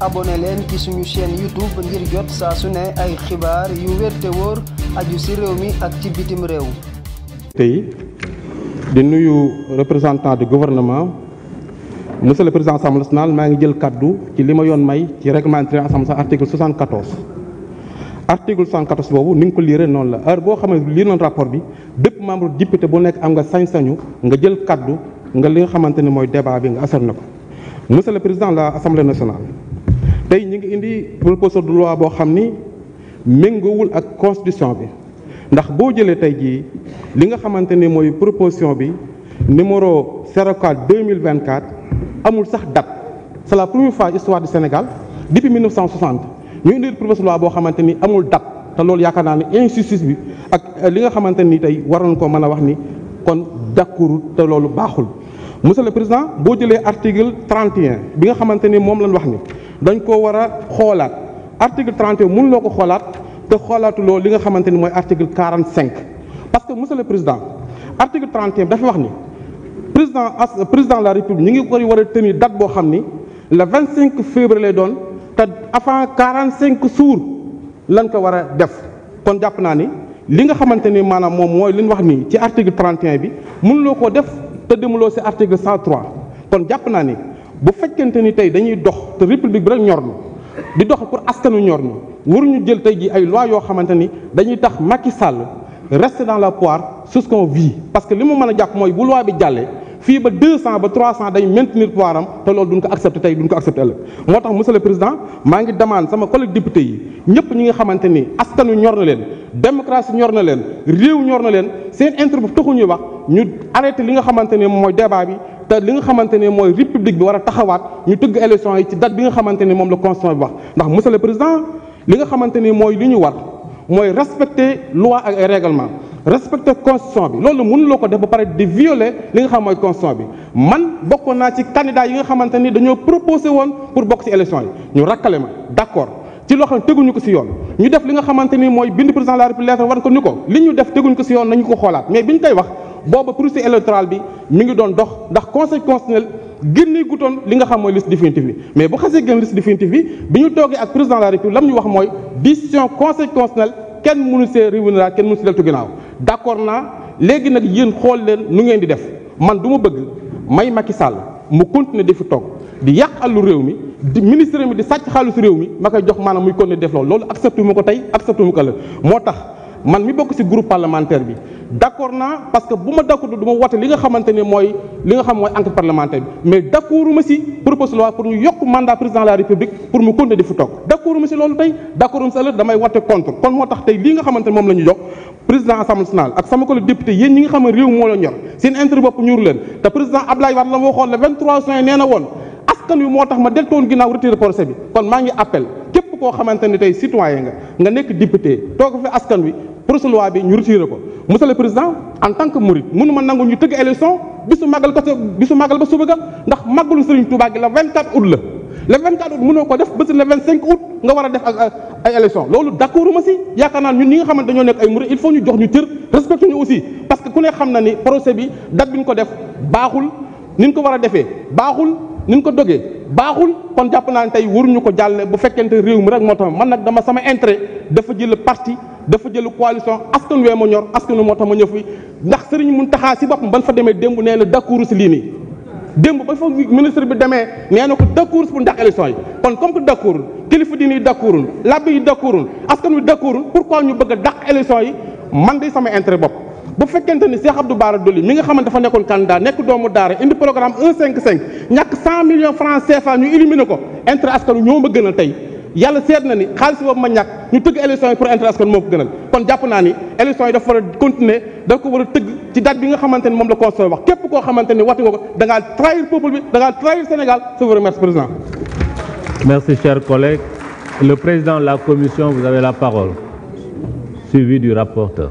abonné leen ci suñu chaîne YouTube ngir jot saa su ne ay xibaar yu wér te wóor aju ci réew mi ak ci bitim réew. tey di nuyu représentant du gouvernement monsieur le président assemblée nationale maa ngi jël kàddu ci li ma yoon may ci règlement intérieur assemblée article 74. article 114 boobu ni nga ko liiree noonu la heure boo xam ne lii noonu rapport bi bépp membre député bu nekk am nga sañ-sañu nga jël kàddu nga li nga xamante ne mooy débat bi nga asar na ko monsieur le président de l'Assemblée nationale tey ñu ngi indi proposition de loi boo xam ni méngoowul ak constitution bi ndax boo jëlee tey jii li nga xamante ni mooy proposition bi numéro 04 2024 amul sax date c'est la première fois histoire du Sénégal depuis 1960 ñu indi proposition de loi boo xamante ni amul date te loolu yaakaar naa ne injustice bi ak euh, li nga xamante ni tey waroon ko mën a wax ni kon d'accord te loolu baaxul monsieur le président boo jëlee article 31 bi nga xamante ni moom lañ wax ni dañ koo war a xoolaat article 31 mun loo ko xoolaat te xoolaatuloo li nga xamante ni mooy article 45 parce que monsieur le président article 31 dafay wax ni président as président la république ñu ngi koy war a tenir date boo xam ni le 25 février lay doon te avant 45 jours lañ ko war a def kon jàpp naa ni li nga xamante ni maanaam moom mooy li wax nii ci article 31 bi mun loo koo def te demuloo si cent 103 kon jàpp naa ni. bu fekkente ni tey dañuy dox te république bi rek ñor na di dox pour askanu ñor ñu jël tey ji ay loi yoo xamante ni dañuy tax Macky Sall rester dans la poire sur ce qu'on parce que li mu mën a jàpp mooy bu bi jàllee fii ba 200 ba 300 day maintenir pouvoir am te loolu duñ tey duñ ko accepté moo tax monsieur le président maa ngi demande sama collègue député yi ñëpp ñi nga xamante ni askanu ñor na leen démocratie ñor na leen réew ñor na leen seen intre bu taxul ñuy wax ñu arrêté li nga xamante ne mooy débat bi. te li nga xamante ne mooy république bi war a taxawaat ñu tëgg élection yi ci date bi nga xamante ne moom la constitution bi wax ndax monsieur président li nga xamante ne mooy li ñu war mooy respecter loi ak ay règlement respecter constitution bi loolu mënuloo ko def ba pare di violer li nga xam mooy constitution bi man bokk naa ci candidat yi nga xamante ni dañoo proposé woon pour bokk ci élection yi ñu rakkale ma d'accord ci loo xam teguñu ko ci yoon ñu def li nga xamante ni mooy bind président de la ko li ñu def teguñu ko ci yoon nañu ko xoolaat mais biñ koy wax booba processus électoral bi mi ngi doon dox ndax conseil constitutionnel génnee gutoon li nga xam mooy liste définitive bi mais bu xasee génn liste définitive bi bi ñu toogee ak président de la ñu wax mooy décision conseil constitutionnel kenn mënu see revenir kenn mënu si deltu ginnaaw d' accord naa léegi nag yéen xool leen nu ngeen di def man du ma bëgg may Macky Sall mu continuer di toog di yàq àllu réew mi di ministre mi di sàcc xaalisu réew mi ma koy jox maanaam muy continuer def loolu loolu accepté mu ko tey accepté mu ko la moo tax man mi bokk ci groupe parlementaire bi d'accord naa parce que bu ma d'accord du ma wote li nga xamante ne mooy li nga xam mooy enquête parlementaire bi mais d'accorduma ci propose loi pour ñu yokk mandat président de la république pour mu continuer di fi toog d'accorduma ci loolu tey d'accorduma ci ëllëg damay wote contre kon moo tax tey lii nga xamante ne moom la ñu jox président assemblée nationale ak sama collègue député yéen ñi nga xam ne réew moo la ñor seen intérêt bopp ñuuru leen te président Abdoulaye Wade ma waxoon le 23 juin nee na woon askan nga nga nekk député toog fi askan projet loi bi ñu retiré ko monsieur président en tant que mouride mënu ma nangu ñu tëgg élection bisu màggal ko bisu màggal ba suba ga ndax màggalu Serigne Touba gi la 24 août la le 24 août mënoo ko def ba le 25 août nga war a def ak ay élection loolu d'accord ma si yaakaar naa ñun ñi nga xamante dañoo nekk ay mouride il faut ñu jox ñu cër respecté ñu aussi parce que ku ne xam na ni procès bi date bi ñu ko def baaxul ni ñu ko war a defee baaxul ni ñu ko dogee baaxul kon jàpp naa tey waruñu ko jàlle bu fekkente réew rek moo man nag dama sama intérêt dafa jël parti dafa jël coalition askan wee ma ñor askan wi moo tax ma ñëw fi ndax sëriñ Mountakha si boppam ban fa demee démb nee na d'accord si lii nii démb ba fa ministre bi demee nee na ko d'accord pour ndax élection yi kon comme que d'accordul kilifa diine yi d'accordul làbbe yi d'accordul askan wi d'accordul pourquoi ñu bëgg a dàq élection yi man day sama intérêt bopp bu fekkente ni Cheikh Abdou Bara Dolly mi nga xamante dafa nekkoon candidat nekk doomu daara indi programme 155 ñàkk 100 millions francs CFA ñu éliminer ko intérêt askan wi ñoo ma gënal tey yàlla seet na ni xaalis boobu ma ñàkk ñu tëgg élection yi pour intérêt askan ko gënal kon jàpp naa ni élection yi dafa war a continuer dafa ko war a tëgg ci date bi nga xamante ni moom la constitution wax képp koo xamante ni waxtu ko da ngaa trahir peuple bi da ngaa trahir Sénégal je vous remercie président merci cher collègue le président de la commission vous avez la parole suivi du rapporteur